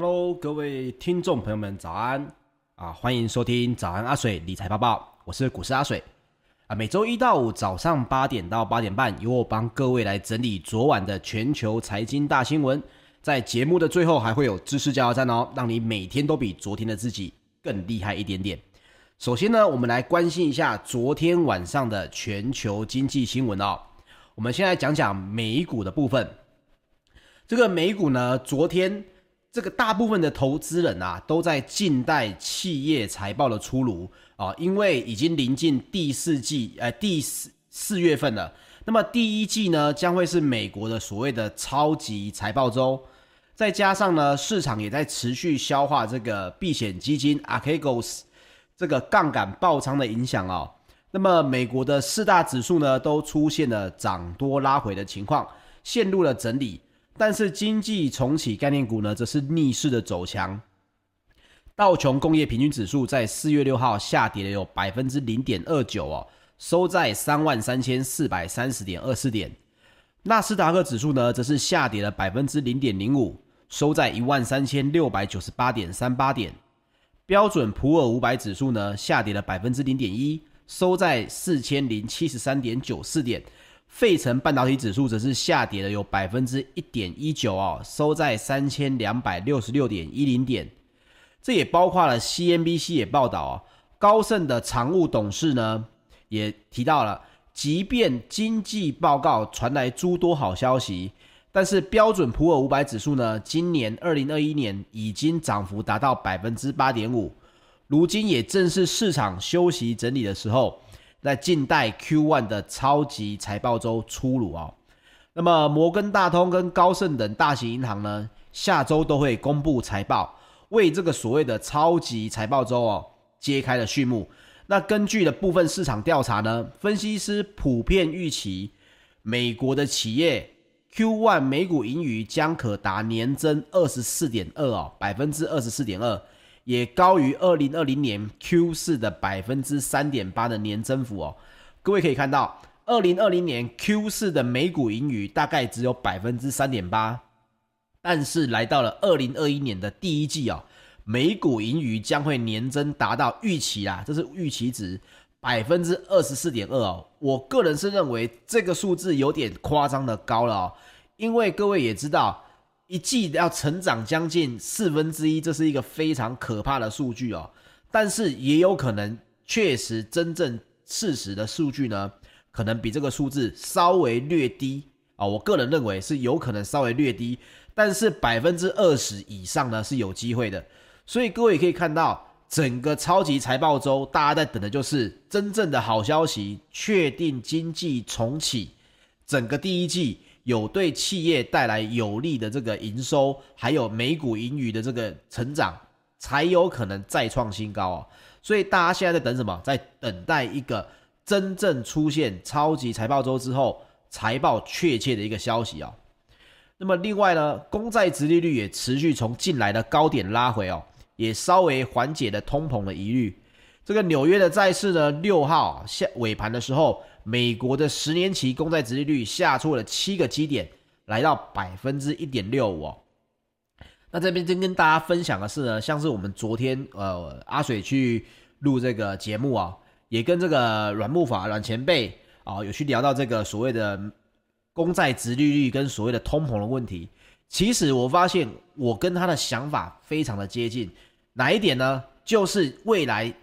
Hello，各位聽眾朋友們，早安啊！歡迎收聽《早安阿水理財報報》，我是股市阿水啊。每周一到五早上八點到八點半，由我幫各位來整理昨晚的全球財經大新聞。在節目的最後，還會有知識加油站哦，讓你每天都比昨天的自己更厲害一點點。首先呢，我們來關心一下昨天晚上的全球經濟新聞哦。我們先來講講美股的部分。這個美股呢，昨天。這個大部分的投資人啊，都在靜待企業財報的出爐啊，哦，因為已經臨近第四季，呃，第四四月份了。那麼第一季呢，將會是美國的所謂的超級財報週，再加上呢，市場也在持續消化這個避險基金 Archegos 這個槓桿爆倉的影響哦。那麼美國的四大指數呢，都出現了漲多拉回的情況，陷入了整理。但是經濟重啟概念股呢，則是逆勢的走強。道瓊工業平均指數在四月六號下跌了有百分之零點二九哦，收在三萬三千四百三十點二四點。納斯達克指數呢，則是下跌了百分之零點零五，收在一萬三千六百九十八點三八點。標準普爾五百指數呢，下跌了百分之零點一，收在四千零七十三點九四點。費城半導體指數則是下跌了有百分之一點一九啊，收在三千兩百六十六點一零點。這也包括了 CNBC 也報道啊，高盛的常務董事呢也提到了，即便經濟報告傳來諸多好消息，但是標準普爾五百指數呢，今年二零二一年已經漲幅達到百分之八點五，如今也正是市場休息整理的時候。在近代 Q1 的超級財報周出爐哦，那麼摩根大通跟高盛等大型銀行呢，下周都會公布財報，為這個所謂的超級財報周哦揭開了序幕。那根據的部分市場調查呢，分析師普遍預期美國的企業 Q1 每股盈餘將可達年增二十四點二哦百分之二十四點二。也高於二零二零年 Q 四的百分之三點八的年增幅哦。各位可以看到，二零二零年 Q 四的每股盈餘大概只有百分之三點八，但是來到了二零二一年的第一季哦，每股盈餘將會年增達到預期啊，這，就是預期值百分之二十四點二哦。我個人是認為這個數字有點誇張的高了哦，因為各位也知道。一季要成長將近四分之一，這是一個非常可怕的數據哦。但是也有可能，確實真正事實的數據呢，可能比這個數字稍微略低啊。我個人認為是有可能稍微略低，但是百分之二十以上呢是有機會的。所以各位可以看到，整個超級財報週，大家在等的就是真正的好消息，確定經濟重啟，整個第一季。有對企業帶來有利的這個營收，還有美股盈餘的這個成長，才有可能再創新高啊、哦！所以大家現在在等什麼？在等待一個真正出現超級財報週之後，財報確切的一個消息啊、哦！那麼另外呢，公債殖利率也持續從近來的高點拉回哦，也稍微緩解了通膨的疑慮。這個紐約的債市呢，六號下尾盤的時候。美國的十年期公債殖利率下挫了七個基點，來到百分之一點六五哦。那這邊先跟大家分享的是呢，像是我們昨天呃阿水去錄這個節目啊、哦，也跟這個阮木法阮前輩啊、哦、有去聊到這個所謂的公債殖利率跟所謂的通膨的問題。其實我發現我跟他的想法非常的接近，哪一點呢？就是未來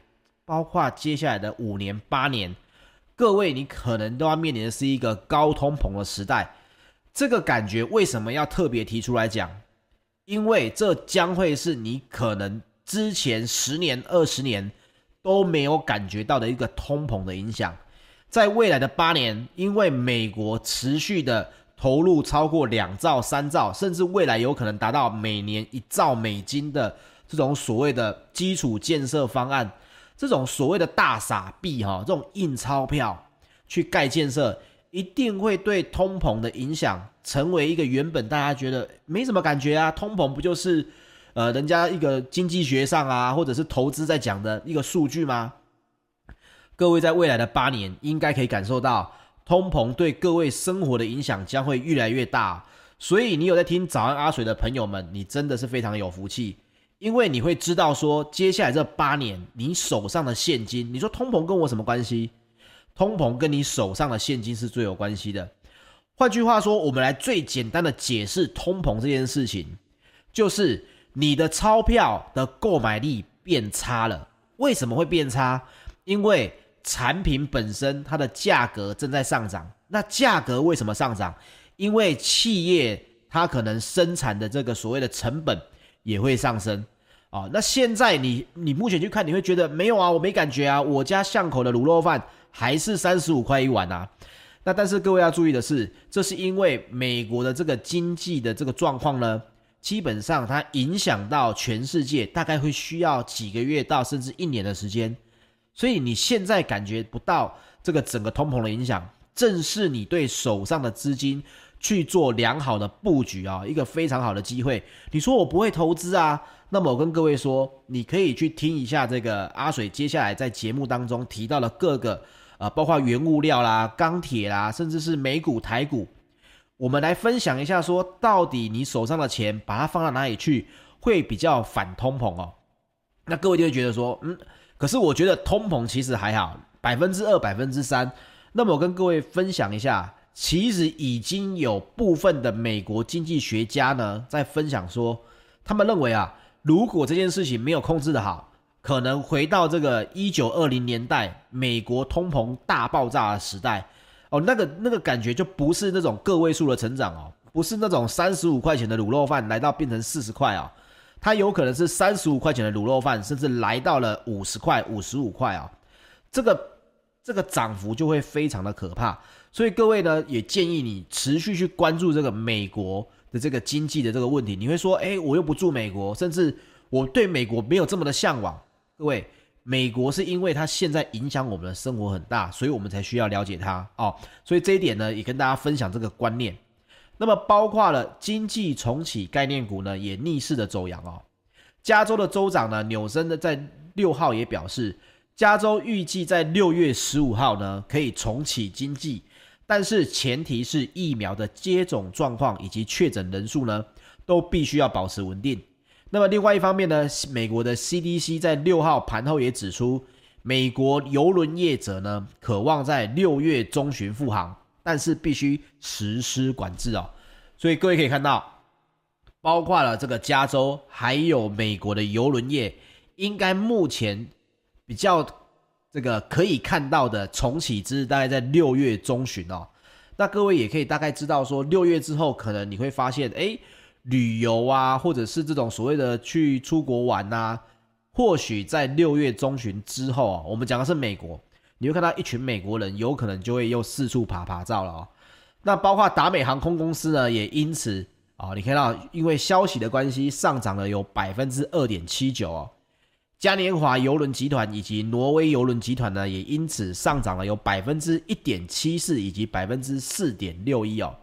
包括接下來的五年八年。各位，你可能都要面臨的是一個高通膨的時代，這個感覺為什麼要特別提出來講？因為這將會是你可能之前十年、二十年都沒有感覺到的一個通膨的影響，在未來的八年，因為美國持續的投入超過兩兆、三兆，甚至未來有可能達到每年一兆美金的這種所謂的基礎建設方案。這種所謂的大傻幣，哈，這種印鈔票去蓋建設，一定會對通膨的影響，成為一個原本大家覺得沒什麼感覺啊，通膨不就是，呃，人家一個經濟學上啊，或者是投資在講的一個數據嗎？各位在未來的八年，應該可以感受到通膨對各位生活的影響將會越來越大，所以你有在聽早安阿水的朋友們，你真的是非常有福氣。因為你會知道說，接下來這八年，你手上的現金，你說通膨跟我什麼關係？通膨跟你手上的現金是最有關係的。換句話說，我們來最簡單的解釋通膨這件事情，就是你的鈔票的購買力變差了。為什麼會變差？因為產品本身它的價格正在上漲。那價格為什麼上漲？因為企業它可能生產的這個所謂的成本。也會上升，啊、哦。那現在你你目前去看，你會覺得沒有啊，我沒感覺啊，我家巷口的滷肉飯還是三十五塊一碗啊，那但是各位要注意的是，這是因為美國的這個經濟的這個狀況呢，基本上它影響到全世界，大概會需要幾個月到甚至一年的時間，所以你現在感覺不到這個整個通膨的影響，正是你對手上的資金。去做良好的布局啊、哦，一個非常好的機會。你說我不會投資啊，那麼我跟各位說，你可以去聽一下這個阿水接下來在節目當中提到的各個啊、呃，包括原物料啦、鋼鐵啦，甚至是美股、台股，我們來分享一下說，說到底你手上的錢把它放到哪裡去會比較反通膨哦。那各位就會覺得說，嗯，可是我覺得通膨其實還好，百分之二、百分之三。那麼我跟各位分享一下。其實已經有部分的美國經濟學家呢，在分享說，他們認為啊，如果這件事情沒有控制得好，可能回到這個一九二零年代美國通膨大爆炸的時代，哦，那個那個感覺就不是那種個位數的成長哦，不是那種三十五塊錢的滷肉飯來到變成四十塊哦，它有可能是三十五塊錢的滷肉飯，甚至來到了五十塊、五十五塊哦，這個這個漲幅就會非常的可怕。所以各位呢，也建議你持續去關注這個美國的這個經濟的這個問題。你會說，哎、欸，我又不住美國，甚至我對美國沒有這麼的嚮往。各位，美國是因為它現在影響我們的生活很大，所以我們才需要了解它哦，所以這一點呢，也跟大家分享這個觀念。那麼，包括了經濟重啟概念股呢，也逆勢的走揚哦，加州的州長呢，紐森的在六號也表示，加州預計在六月十五號呢，可以重啟經濟。但是前提是疫苗的接種狀況以及確診人數呢，都必須要保持穩定。那麼另外一方面呢，美國的 CDC 在六號盤後也指出，美國郵輪業者呢，渴望在六月中旬復航，但是必須實施管制哦，所以各位可以看到，包括了這個加州，還有美國的郵輪業，應該目前比較。這個可以看到的重啟之日大概在六月中旬哦，那各位也可以大概知道說六月之後，可能你會發現，誒旅遊啊，或者是這種所謂的去出國玩吶、啊，或許在六月中旬之後啊、哦，我們講的是美國，你會看到一群美國人有可能就會又四處爬爬照了哦。那包括達美航空公司呢，也因此啊、哦，你看到因為消息的關係上漲了有百分之二點七九哦。嘉年華郵輪集團以及挪威郵輪集團呢，也因此上漲了有百分之一點七四以及百分之四點六一哦。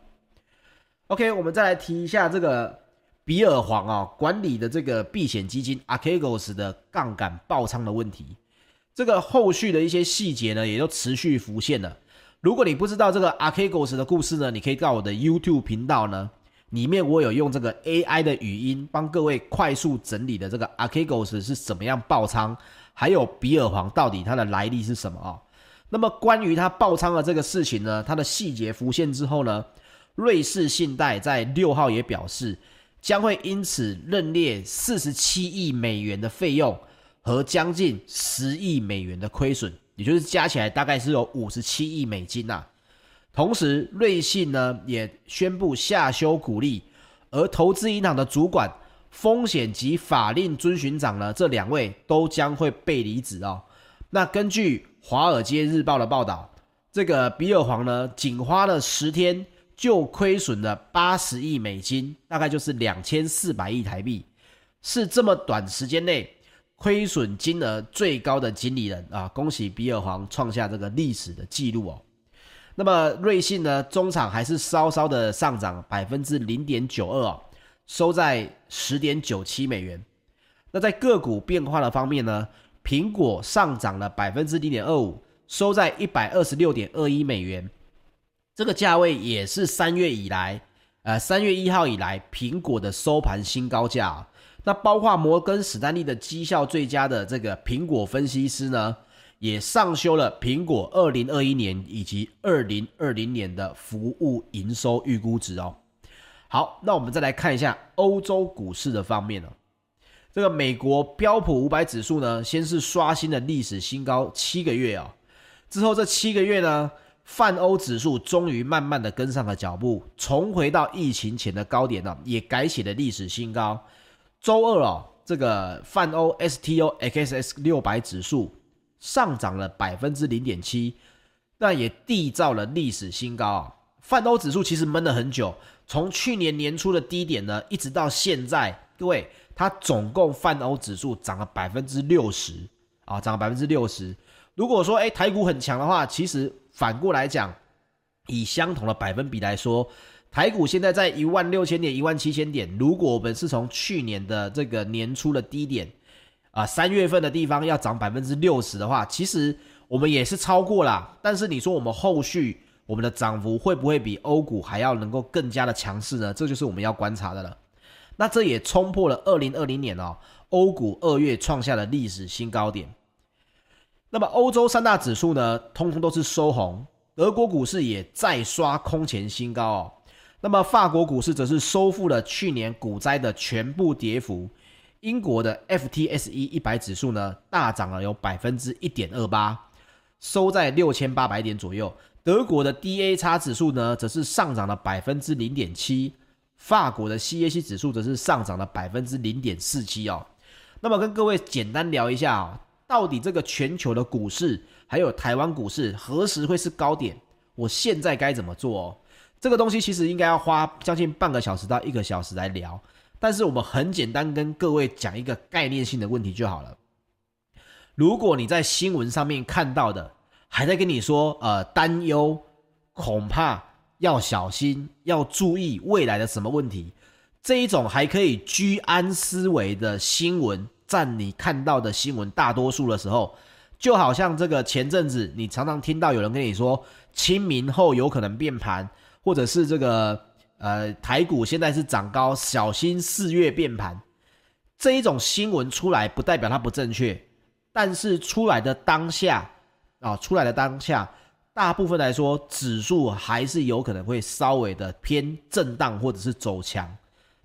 OK，我們再來提一下這個比爾黃啊，哦，管理的這個避險基金 Archegos 的槓桿爆倉的問題，這個後續的一些細節呢，也都持續浮現了。如果你不知道這個 Archegos 的故事呢，你可以到我的 YouTube 頻道呢。裡面我有用這個 AI 的語音幫各位快速整理的這個 Archegos 是怎麼樣爆倉，還有比爾黃到底他的來歷是什麼啊、哦？那麼關於他爆倉的這個事情呢，它的細節浮現之後呢，瑞士信貸在六號也表示將會因此認列四十七億美元的費用和將近十億美元的虧損，也就是加起來大概是有五十七億美金吶、啊。同時，瑞信呢也宣布下修股利，而投資銀行的主管風險及法令遵循長呢，這兩位都將會被離職哦。那根據《華爾街日報》的報道，這個比爾黃呢，僅花了十天就虧損了八十億美金，大概就是兩千四百億台幣，是這麼短時間內虧損金額最高的經理人啊！恭喜比爾黃創下這個歷史的記錄哦。那麼，瑞信呢，中場還是稍稍的上漲百分之零點九二啊，收在十點九七美元。那在個股變化的方面呢，蘋果上漲了百分之零點二五，收在一百二十六點二一美元。這個價位也是三月以來，呃，三月一號以來蘋果的收盤新高價啊。那包括摩根史丹利的績效最佳的這個蘋果分析師呢，也上修了蘋果二零二一年以及二零二零年的服務營收預估值哦。好，那我們再來看一下歐洲股市的方面哦。這個美國標普五百指數呢，先是刷新了歷史新高七個月啊，哦。之後這七個月呢，泛歐指數終於慢慢的跟上了腳步，重回到疫情前的高點呢，哦，也改寫了歷史新高。周二哦，這個泛歐 STOXX 六百指數。上漲了百分之零點七，那也締造了歷史新高啊！泛歐指數其實悶了很久，從去年年初的低點呢，一直到現在，對，它總共泛歐指數漲了百分之六十啊，漲了百分之六十。如果說，哎、欸，台股很強的話，其實反過來講，以相同的百分比來說，台股現在在一萬六千點、一萬七千點，如果我們是從去年的這個年初的低點。啊，三月份的地方要漲百分之六十的話，其實我們也是超過啦，但是你說我們後續我們的漲幅會不會比歐股還要能夠更加的強勢呢？這就是我們要觀察的了。那這也衝破了二零二零年哦，歐股二月創下的歷史新高點。那麼歐洲三大指數呢，通通都是收紅，德國股市也在刷空前新高哦。那麼法國股市則是收復了去年股災的全部跌幅。英國的 FTSE 一百指數呢，大漲了有百分之一點二八，收在六千八百點左右。德國的 DAX 指數呢，則是上漲了百分之零點七，法國的 CAC 指數則是上漲了百分之零點四七哦。那麼跟各位簡單聊一下啊，到底這個全球的股市還有台灣股市何時會是高點？我現在該怎麼做哦？這個東西其實應該要花將近半個小時到一個小時來聊。但是我們很簡單跟各位講一個概念性的問題就好了。如果你在新聞上面看到的還在跟你說，呃，擔憂，恐怕要小心，要注意未來的什麼問題，這一種還可以居安思危的新聞，佔你看到的新聞大多數的時候，就好像這個前陣子你常常聽到有人跟你說，清明後有可能變盤，或者是這個。呃，台股現在是漲高，小心四月變盤，這一種新聞出來，不代表它不正確，但是出來的當下啊、哦，出來的當下，大部分來說，指數還是有可能會稍微的偏震盪或者是走強。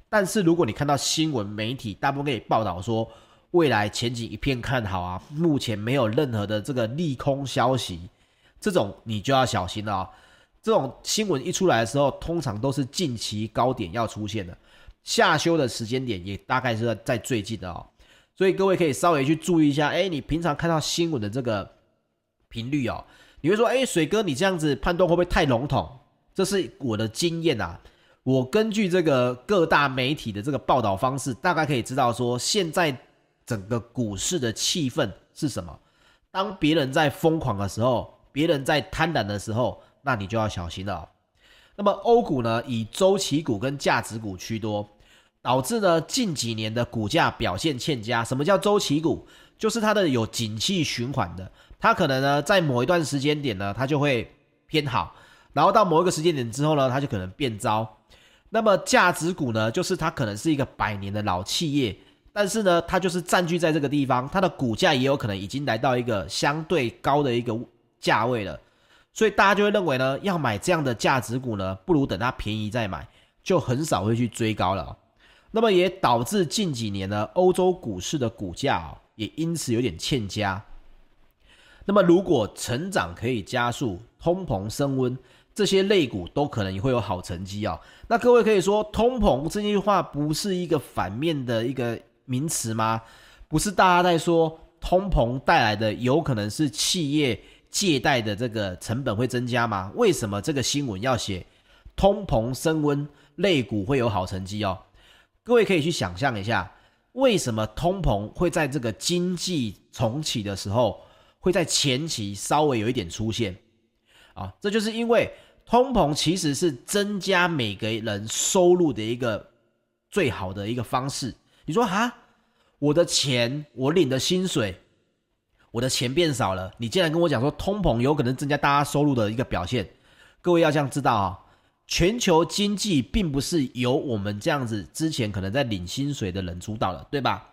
但是如果你看到新聞媒體大部分給你報道說未來前景一片看好啊，目前沒有任何的這個利空消息，這種你就要小心了、哦。這種新聞一出來的時候，通常都是近期高點要出現的，下修的時間點也大概是在最近的哦。所以各位可以稍微去注意一下，哎，你平常看到新聞的這個頻率哦，你會說，哎，水哥你這樣子判斷會不會太籠統？這是我的經驗啊，我根據這個各大媒體的這個報道方式，大概可以知道說，現在整個股市的氣氛是什麼？當別人在瘋狂的時候，別人在貪婪的時候。那你就要小心了哦。那麼歐股呢，以週期股跟價值股居多，導致呢近幾年的股價表現欠佳。什麼叫週期股？就是它的有景氣循環的，它可能呢在某一段時間點呢它就會偏好，然後到某一個時間點之後呢，它就可能變糟。那麼價值股呢，就是它可能是一個百年的老企業，但是呢它就是佔據在這個地方，它的股價也有可能已經來到一個相對高的一個價位了。所以大家就會認為呢，要買這樣的價值股呢，不如等它便宜再買，就很少會去追高了哦。那麼也導致近幾年呢，歐洲股市的股價也因此有點欠佳。那麼如果成長可以加速，通膨升溫，這些類股都可能也會有好成績啊哦。那各位可以說，通膨這句話不是一個反面的一個名詞嗎？不是大家在說通膨帶來的有可能是企業，借貸的這個成本會增加嗎？為什麼這個新聞要寫通膨升溫，類股會有好成績哦？各位可以去想象一下，為什麼通膨會在這個經濟重啟的時候會在前期稍微有一點出現啊？這就是因為通膨其實是增加每個人收入的一個最好的一個方式。你說哈、啊，我的錢，我領的薪水。我的錢變少了，你竟然跟我講說通膨有可能增加大家收入的一個表現，各位要這樣知道啊、哦，全球經濟並不是由我們這樣子之前可能在領薪水的人主導的，對吧？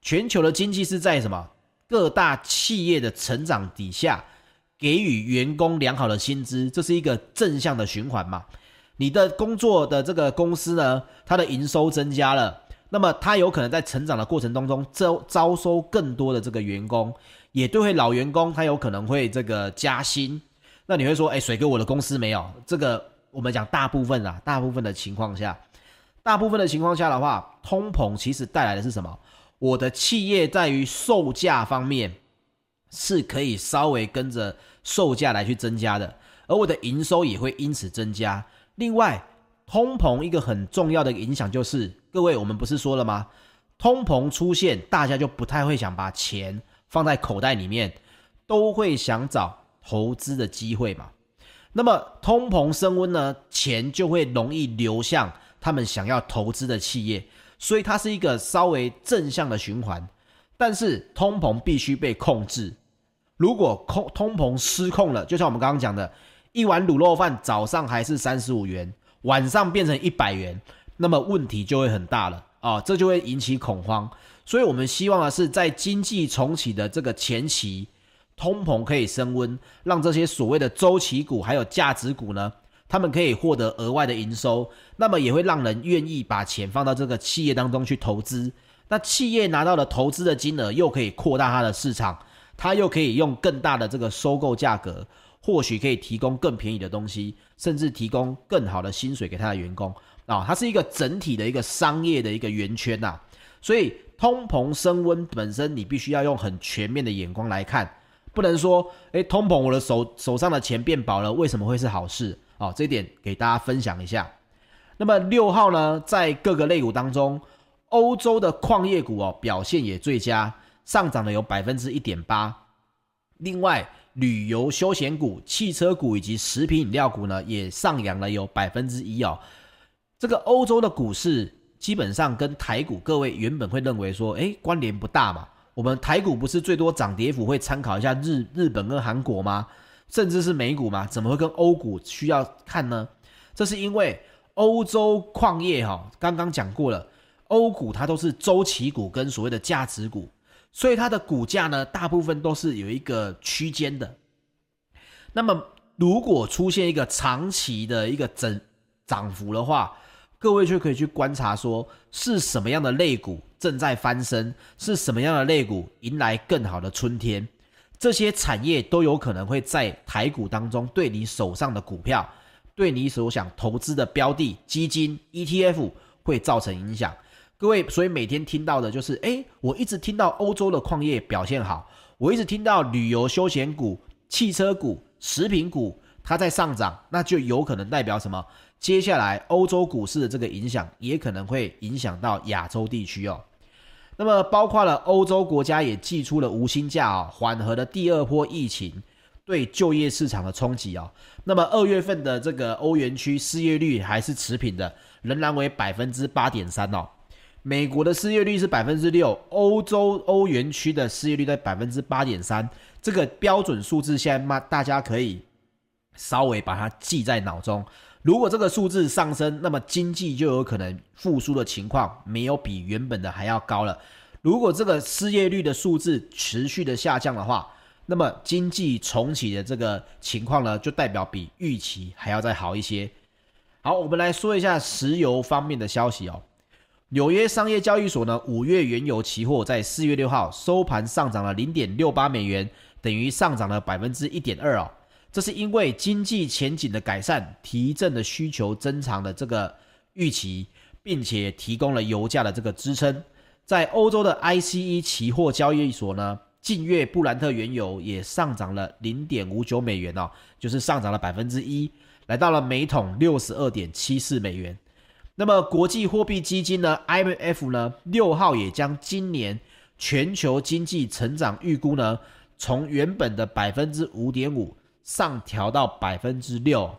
全球的經濟是在什麼各大企業的成長底下給予員工良好的薪資，這是一個正向的循環嘛。你的工作的這個公司呢，它的營收增加了，那麼它有可能在成長的過程當中招招收更多的這個員工。也對會老員工他有可能會這個加薪。那你會說，哎，水哥我的公司沒有這個。我們講大部分啊，大部分的情況下，大部分的情況下的話，通膨其實帶來的是什麼？我的企業在於售價方面是可以稍微跟着售價來去增加的，而我的營收也會因此增加。另外，通膨一個很重要的影響就是，各位我們不是說了嗎？通膨出現，大家就不太會想把錢。放在口袋裡面，都會想找投資的機會嘛。那麼通膨升溫呢，錢就會容易流向他們想要投資的企業，所以它是一個稍微正向的循環。但是通膨必須被控制，如果控通膨失控了，就像我們剛剛講的，一碗滷肉飯早上還是三十五元，晚上變成一百元，那麼問題就會很大了啊，這就會引起恐慌。所以我們希望的是，在經濟重啟的這個前期，通膨可以升溫，讓這些所謂的周期股還有價值股呢，他們可以獲得額外的營收，那麼也會讓人願意把錢放到這個企業當中去投資。那企業拿到了投資的金額，又可以擴大它的市場，它又可以用更大的這個收購價格，或許可以提供更便宜的東西，甚至提供更好的薪水給他的員工啊、哦。它是一個整體的一個商業的一個圓圈吶、啊，所以。通膨升溫本身，你必須要用很全面的眼光來看，不能說，誒，通膨我的手手上的錢變薄了，為什麼會是好事？哦，這點給大家分享一下。那麼六號呢，在各個類股當中，歐洲的礦業股哦表現也最佳，上漲了有百分之一點八。另外，旅遊休閒股、汽車股以及食品飲料股呢，也上揚了有百分之一哦。這個歐洲的股市。基本上跟台股，各位原本會認為說，哎，關聯不大嘛。我們台股不是最多漲跌幅會參考一下日日本跟韓國嗎？甚至是美股嗎？怎麼會跟歐股需要看呢？這是因為歐洲礦業哈，剛剛講過了，歐股它都是週期股跟所謂的價值股，所以它的股價呢，大部分都是有一個區間的。那麼如果出現一個長期的一個整漲幅的話，各位卻可以去觀察說，說是什麼樣的類股正在翻身，是什麼樣的類股迎來更好的春天，這些產業都有可能會在台股當中對你手上的股票，對你所想投資的標的基金 ETF 會造成影響。各位，所以每天聽到的就是，哎，我一直聽到歐洲的礦業表現好，我一直聽到旅遊休閒股、汽車股、食品股它在上漲，那就有可能代表什麼？接下來，歐洲股市的這個影響也可能會影響到亞洲地區哦。那麼，包括了歐洲國家也祭出了無薪假哦，緩和了第二波疫情對就業市場的衝擊哦，那麼，二月份的這個歐元區失業率還是持平的，仍然為百分之八點三哦。美國的失業率是百分之六，歐洲歐元區的失業率在百分之八點三。這個標準數字現在嘛，大家可以稍微把它記在腦中。如果這個數字上升，那麼經濟就有可能復甦的情況沒有比原本的還要高了。如果這個失業率的數字持續的下降的話，那麼經濟重啟的這個情況呢，就代表比預期還要再好一些。好，我們來說一下石油方面的消息哦。紐約商業交易所呢，五月原油期貨在四月六號收盤上漲了零點六八美元，等於上漲了百分之一點二哦。這是因為經濟前景的改善，提振的需求增長的這個預期，並且提供了油價的這個支撐。在歐洲的 ICE 期貨交易所呢，近月布蘭特原油也上漲了零點五九美元哦，就是上漲了百分之一，來到了每桶六十二點七四美元。那麼國際貨幣基金呢 （IMF） 呢，六號也將今年全球經濟成長預估呢，從原本的百分之五點五。上調到百分之六，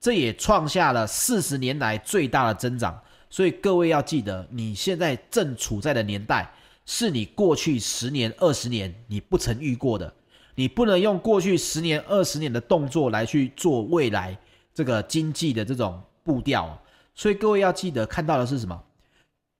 這也創下了四十年來最大的增長。所以各位要記得，你現在正處在的年代是你過去十年、二十年你不曾遇過的。你不能用過去十年、二十年的動作來去做未來這個經濟的這種步調。所以各位要記得，看到的是什麼？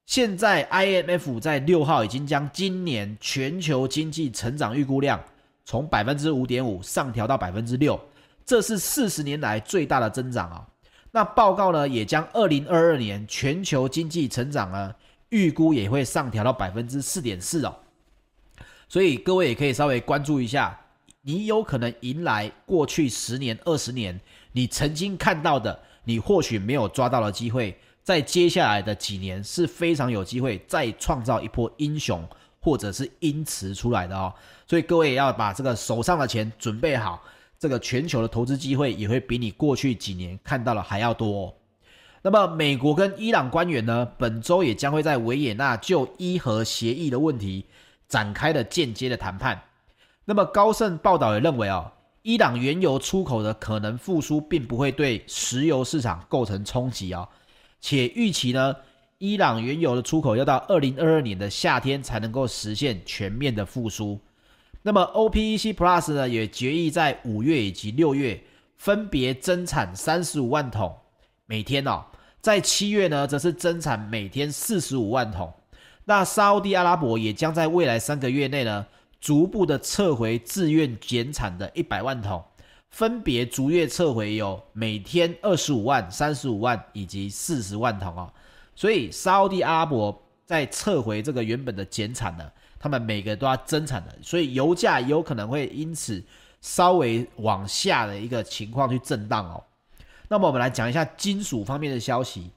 現在 IMF 在六號已經將今年全球經濟成長預估量。從百分之五點五上調到百分之六，這是四十年來最大的增長啊、哦！那報告呢，也將二零二二年全球經濟成長呢，預估也會上調到百分之四點四哦。所以各位也可以稍微關注一下，你有可能迎來過去十年、二十年你曾經看到的，你或許沒有抓到的機會，在接下來的幾年是非常有機會再創造一波英雄。或者是因此出來的哦，所以各位也要把這個手上的錢準備好，這個全球的投資機會也會比你過去幾年看到的還要多哦。那麼，美國跟伊朗官員呢，本周也將會在維也納就伊核協議的問題展開的間接的談判。那麼，高盛報道也認為啊，哦，伊朗原油出口的可能復甦並不會對石油市場構成衝擊哦，且預期呢。伊朗原油的出口要到二零二二年的夏天才能夠實現全面的復甦。那麼 OPEC Plus 呢，也決議在五月以及六月分別增產三十五萬桶每天，哦，在七月呢，則是增產每天四十五萬桶。那沙烏地阿拉伯也將在未來三個月內呢，逐步的撤回自願減產的一百萬桶，分別逐月撤回有每天二十五萬、三十五萬以及四十萬桶哦。所以沙烏地阿拉伯在撤回這個原本的減產呢，他們每個人都要增產的，所以油價有可能會因此稍微往下的一個情況去震盪哦。那麼我們來講一下金屬方面的消息，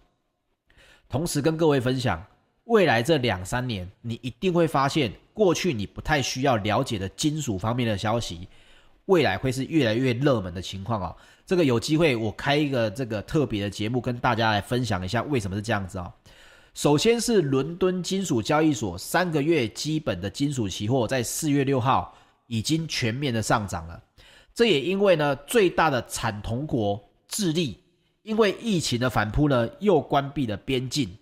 同時跟各位分享，未來這兩三年你一定會發現，過去你不太需要了解的金屬方面的消息。未來會是越來越熱門的情況啊、哦！這個有機會我開一個這個特別的節目，跟大家來分享一下為什麼是這樣子啊、哦！首先是倫敦金屬交易所，三個月基本的金屬期貨在四月六號已經全面的上漲了，這也因為呢最大的產銅國智利因為疫情的反撲呢又關閉了邊境，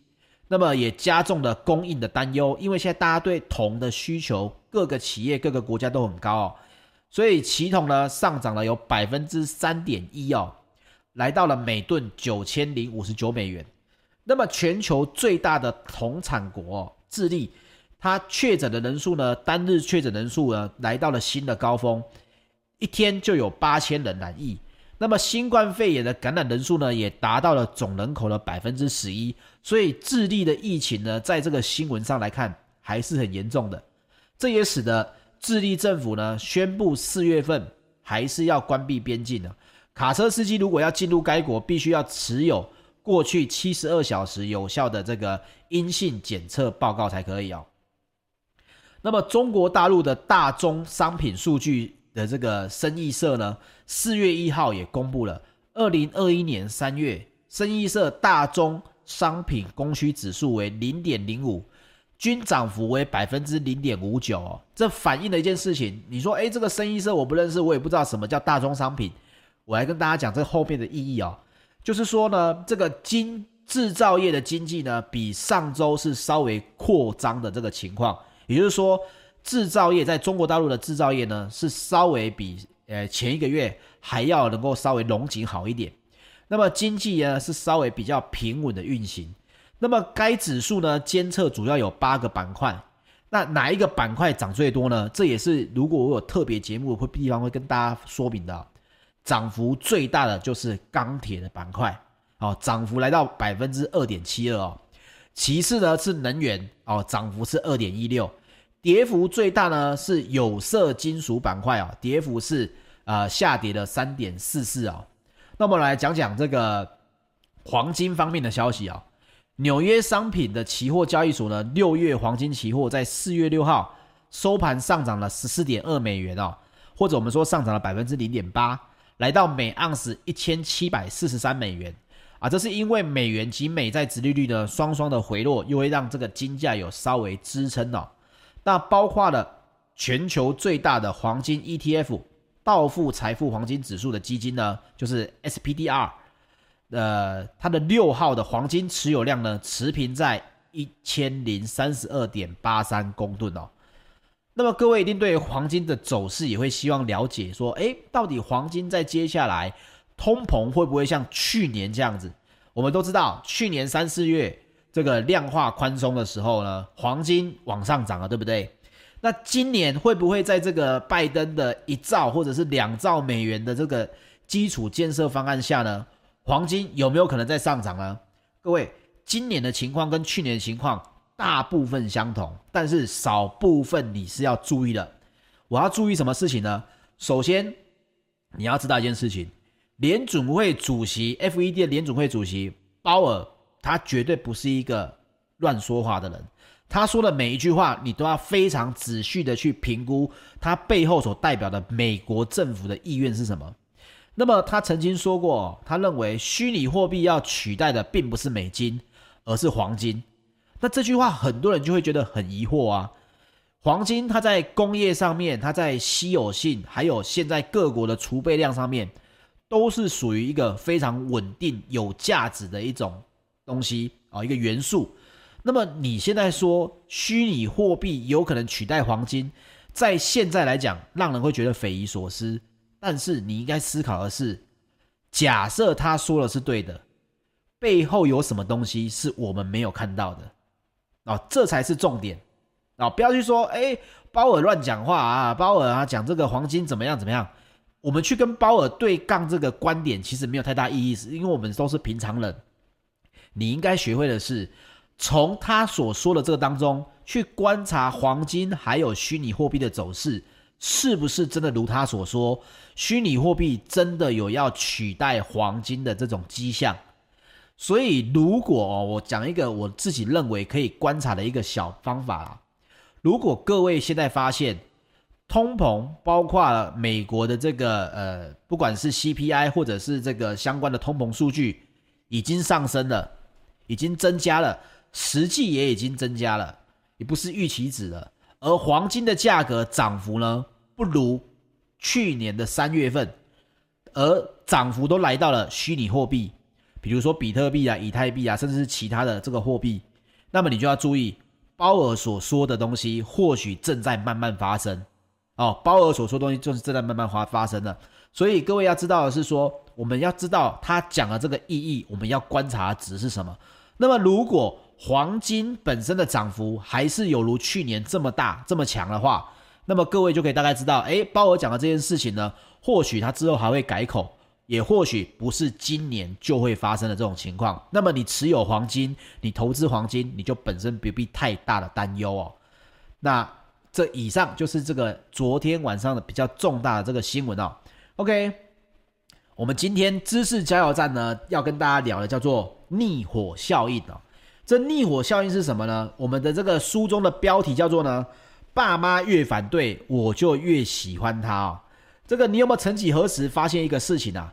那麼也加重了供應的擔憂，因為現在大家對銅的需求，各個企業、各個國家都很高哦。所以期銅呢上漲了有百分之三點一哦，來到了每噸九千零五十九美元。那麼全球最大的銅產國、哦、智利，它確診的人數呢，單日確診人數呢，來到了新的高峰，一天就有八千人染疫。那麼新冠肺炎的感染人數呢，也達到了總人口的百分之十一。所以智利的疫情呢，在這個新聞上來看還是很嚴重的，這也使得。智利政府呢宣布，四月份還是要關閉邊境的。卡車司機如果要進入該國，必須要持有過去七十二小時有效的這個陰性檢測報告才可以哦。那麼，中國大陸的大宗商品數據的這個生意社呢，四月一號也公布了，二零二一年三月生意社大宗商品供需指數為零點零五。均漲幅為百分之零點五九哦，這反映了一件事情。你說，哎，這個生意社我不認識，我也不知道什麼叫大宗商品。我來跟大家講這後面的意義哦。就是說呢，這個金製造業的經濟呢，比上週是稍微擴張的這個情況，也就是說，製造業在中國大陸的製造業呢，是稍微比呃前一個月還要能夠稍微龍緊好一點。那麼經濟呢，是稍微比較平穩的運行。那麼該指數呢，監測主要有八個板塊，那哪一個板塊漲最多呢？這也是如果我有特別節目的地方會跟大家說明的。漲幅最大的就是鋼鐵的板塊哦，漲幅來到百分之二點七二哦。其次呢是能源哦，漲幅是二點一六。跌幅最大呢是有色金屬板塊哦，跌幅是呃下跌了三點四四啊。那我們來講講這個黃金方面的消息啊、哦。紐約商品的期貨交易所呢，六月黃金期貨在四月六號收盤上漲了十四點二美元啊、哦，或者我們說上漲了百分之零點八，來到每盎司一千七百四十三美元啊，這是因為美元及美債殖利率呢雙雙的回落，又會讓這個金價有稍微支撐哦。那包括了全球最大的黃金 ETF 道富財富黃金指數的基金呢，就是 SPDR。呃，它的六號的黃金持有量呢，持平在一千零三十二點八三公噸哦。那麼各位一定對黃金的走勢也會希望了解，說，誒，到底黃金在接下來通膨會不會像去年這樣子？我們都知道，去年三四月這個量化寬鬆的時候呢，黃金往上漲了，對不對？那今年會不會在這個拜登的一兆或者是兩兆美元的這個基礎建設方案下呢？黃金有沒有可能再上漲呢？各位，今年的情況跟去年的情況大部分相同，但是少部分你是要注意的。我要注意什麼事情呢？首先，你要知道一件事情：聯準會主席 FED 的聯準會主席鮑爾，他絕對不是一個亂說話的人。他說的每一句話，你都要非常仔細的去評估，他背後所代表的美國政府的意願是什麼。那麼他曾經說過，他認為虛擬貨幣要取代的並不是美金，而是黃金。那這句話很多人就會覺得很疑惑啊。黃金它在工業上面，它在稀有性，還有現在各國的儲備量上面，都是屬於一個非常穩定、有價值的一種東西啊，一個元素。那麼你現在說虛擬貨幣有可能取代黃金，在現在來講，讓人會覺得匪夷所思。但是你應該思考的是，假設他說的是對的，背後有什麼東西是我們沒有看到的？哦，這才是重點。哦，不要去說，哎，鮑爾亂講話啊，鮑爾啊，講這個黃金怎麼樣怎麼樣，我們去跟鮑爾對槓這個觀點其實沒有太大意義，是因為我們都是平常人。你應該學會的是，從他所說的這個當中去觀察黃金還有虛擬貨幣的走勢。是不是真的如他所說，虛擬貨幣真的有要取代黃金的這種跡象？所以，如果哦，我講一個我自己認為可以觀察的一個小方法啊，如果各位現在發現通膨，包括美國的這個呃，不管是 CPI 或者是這個相關的通膨數據已經上升了，已經增加了，實際也已經增加了，也不是預期值了，而黃金的價格漲幅呢？不如去年的三月份，而漲幅都來到了虛擬貨幣，比如說比特幣啊、以太幣啊，甚至是其他的這個貨幣。那麼你就要注意，鮑爾所說的東西或許正在慢慢發生哦。鮑爾所說的東西就是正在慢慢發發生了。所以各位要知道的是說，我們要知道他講的這個意義，我們要觀察的值是什麼。那麼如果黃金本身的漲幅還是有如去年這麼大、這麼強的話，那麼各位就可以大概知道，誒，鮑爾講的這件事情呢，或許他之後還會改口，也或許不是今年就會發生的這種情況。那麼你持有黃金，你投資黃金，你就本身不必太大的擔憂哦。那這以上就是這個昨天晚上的比較重大的這個新聞哦。OK，我們今天知識加油站呢要跟大家聊的叫做逆火效應哦。這逆火效應是什麼呢？我們的這個書中的標題叫做呢？爸媽越反對，我就越喜歡他哦，這個你有沒有曾幾何時發現一個事情啊？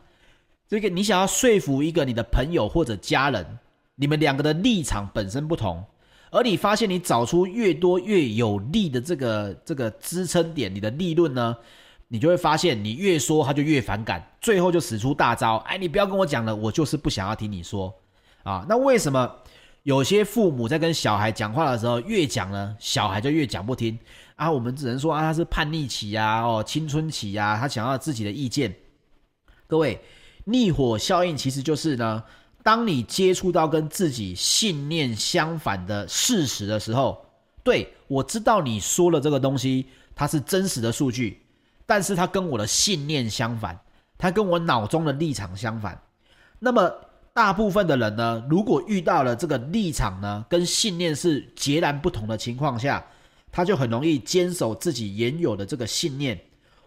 這個你想要說服一個你的朋友或者家人，你們兩個的立場本身不同，而你發現你找出越多越有利的這個這個支撐點，你的立論呢，你就會發現你越說他就越反感，最後就使出大招，哎，你不要跟我講了，我就是不想要聽你說啊！那為什麼？有些父母在跟小孩講話的時候，越講呢，小孩就越講不聽啊。我們只能說啊，他是叛逆期呀、啊，哦，青春期呀、啊，他想要自己的意見。各位，逆火效應其實就是呢，當你接觸到跟自己信念相反的事實的時候，對，我知道你說了這個東西，它是真實的數據，但是它跟我的信念相反，它跟我腦中的立場相反，那麼。大部分的人呢，如果遇到了這個立場呢，跟信念是截然不同的情況下，他就很容易堅守自己原有的這個信念，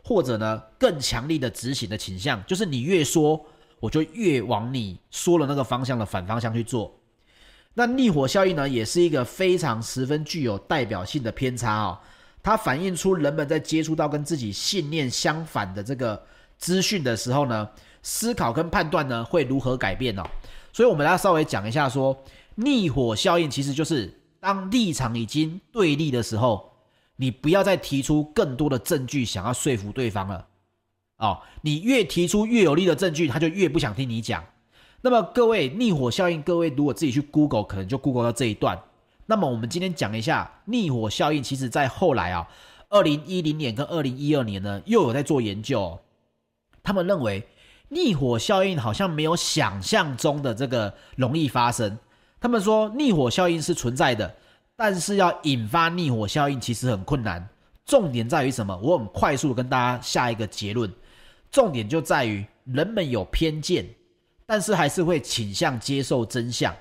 或者呢，更強力的執行的傾向，就是你越說，我就越往你說了那個方向的反方向去做。那逆火效應呢，也是一個非常十分具有代表性的偏差哦，它反映出人們在接觸到跟自己信念相反的這個資訊的時候呢。思考跟判斷呢會如何改變呢、哦？所以我們來稍微講一下說，說逆火效應其實就是當立場已經對立的時候，你不要再提出更多的證據想要說服對方了。哦，你越提出越有利的證據，他就越不想聽你講。那麼各位逆火效應，各位如果自己去 Google，可能就 Google 到這一段。那麼我們今天講一下逆火效應，其實在後來啊、哦，二零一零年跟二零一二年呢，又有在做研究、哦，他們認為。逆火效應好像沒有想象中的這個容易發生。他們說逆火效應是存在的，但是要引發逆火效應其實很困難。重點在於什麼？我很快速跟大家下一個結論：重點就在於人們有偏見，但是還是會傾向接受真相。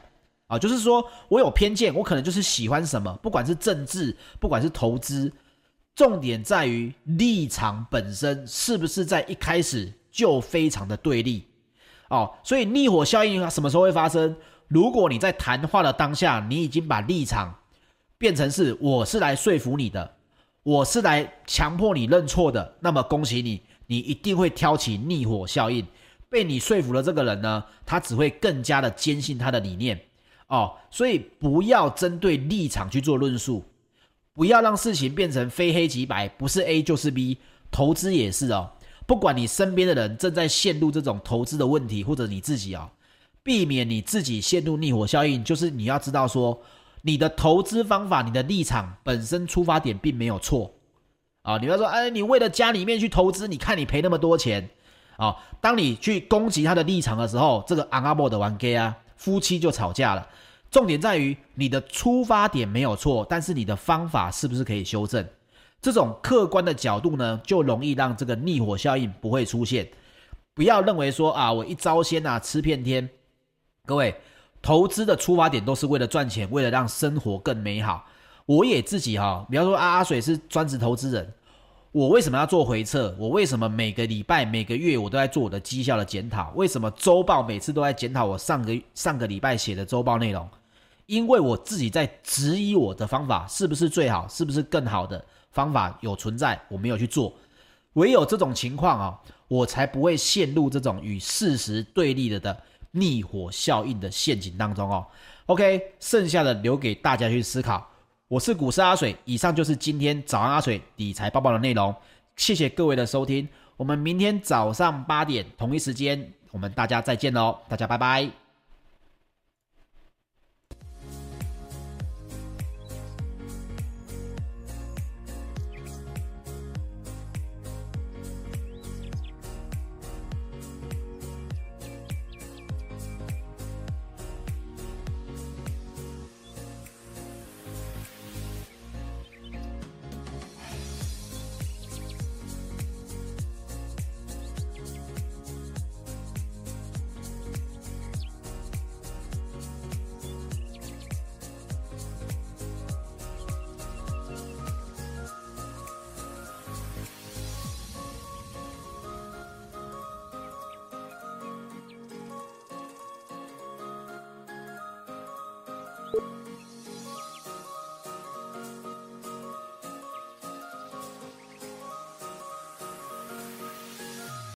啊，就是說我有偏見，我可能就是喜歡什麼，不管是政治，不管是投資。重點在於立場本身是不是在一開始。就非常的對立哦，所以逆火效應什麼時候會發生？如果你在談話的當下，你已經把立場變成是我是來說服你的，我是來強迫你認錯的，那麼恭喜你，你一定會挑起逆火效應。被你說服的這個人呢，他只會更加的堅信他的理念哦，所以不要針對立場去做論述，不要讓事情變成非黑即白，不是 A 就是 B，投資也是哦。不管你身邊的人正在陷入這種投資的問題，或者你自己啊、哦，避免你自己陷入逆火效應，就是你要知道說，你的投資方法、你的立場本身出發點並沒有錯啊、哦。你要說，哎，你為了家裡面去投資，你看你賠那麼多錢啊、哦。當你去攻擊他的立場的時候，這個尪某冤家啊，夫妻就吵架了。重點在於你的出發點沒有錯，但是你的方法是不是可以修正？這種客觀的角度呢，就容易讓這個逆火效應不會出現。不要認為說啊，我一招鮮啊，吃遍天。各位，投資的出發點都是為了賺錢，為了讓生活更美好。我也自己哈、啊，比方說阿水是專職投資人，我為什麼要做回測？我為什麼每個禮拜、每個月我都在做我的績效的檢討？為什麼周報每次都在檢討我上個上個禮拜寫的周報內容？因為我自己在質疑我的方法是不是最好，是不是更好的？方法有存在，我沒有去做，唯有這種情況啊、哦，我才不會陷入這種與事實對立的的逆火效應的陷阱當中哦。OK，剩下的留給大家去思考。我是股市阿水，以上就是今天早安阿水理財報報的內容。謝謝各位的收聽，我們明天早上八點同一時間，我們大家再見嘍，大家拜拜。